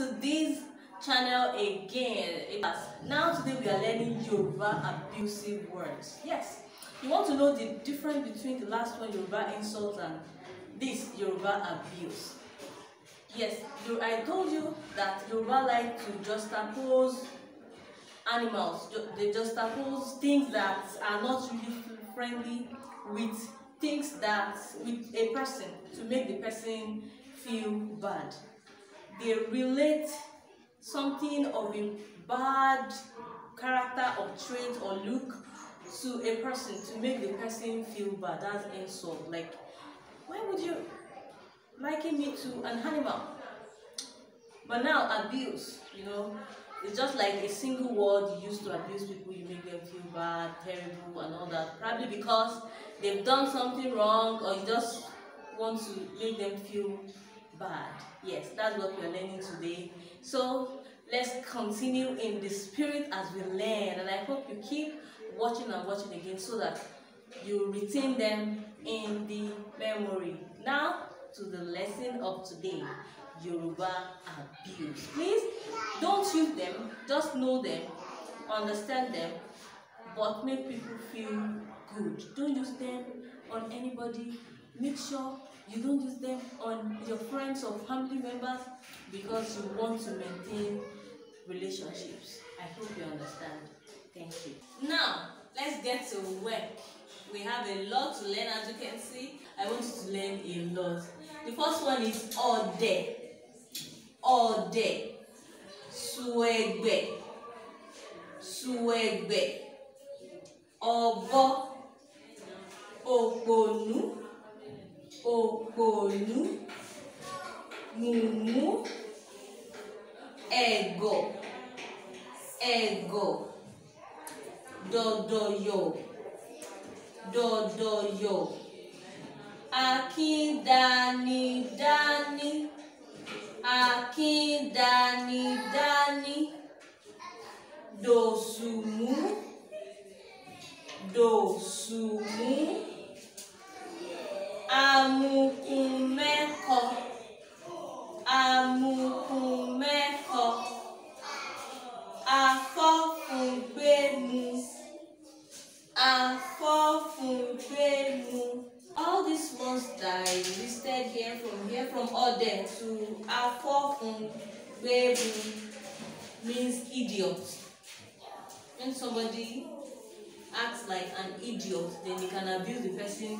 to this channel again. Now today we are learning Yoruba abusive words. Yes, you want to know the difference between the last one Yoruba insult and this Yoruba abuse. Yes, I told you that Yoruba like to juxtapose animals. They juxtapose things that are not really friendly with things that with a person to make the person feel bad they relate something of a bad character or trait or look to a person to make the person feel bad. That's insult. Like, why would you liken me to an animal? But now abuse, you know, it's just like a single word you use to abuse people, you make them feel bad, terrible, and all that. Probably because they've done something wrong or you just want to make them feel bad. Yes, that's what we're learning today. So let's continue in the spirit as we learn. And I hope you keep watching and watching again so that you retain them in the memory. Now to the lesson of today. Yoruba abuse. Please don't use them, just know them, understand them, but make people feel good. Don't use them on anybody. Make sure You don't use them on your friends or family members because you want to maintain relationships. I hope you understand. Thank you. Now, let's get to work. We have a lot to learn as you can see. I want you to learn a lot. The first one is ọdẹ. Ọdẹ. Suẹgbẹ. Suẹgbẹ. Ọ̀bọ. Òpònú òpònú mùmú ẹ̀gọ̀ ẹ̀gọ̀ dọ̀dọ̀yọ̀ dọ̀dọ̀yọ̀ akíndanidání akíndanidání dosumu, dosumu amukumeko amukumeko afọ́fùngbẹ́mu afọ́fùngbẹ́mu. All these ones that I listed here from here from Ode to afọ́fùngbẹ́mu means idiot. When somebody acts like an idiot, then you can abuse the person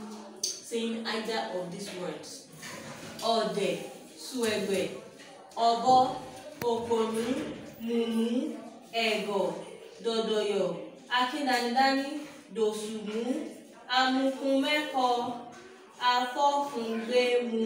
saying either of these words. Ọ̀dẹ̀, suẹ̀gbẹ̀, ọ̀bọ, òpònú, mùmú, ẹ̀gọ̀, dọ̀dọ̀yọ̀, akíndánidání, dòṣùmú, amukunmẹ́kọ, afọ́fúngbẹ́mu.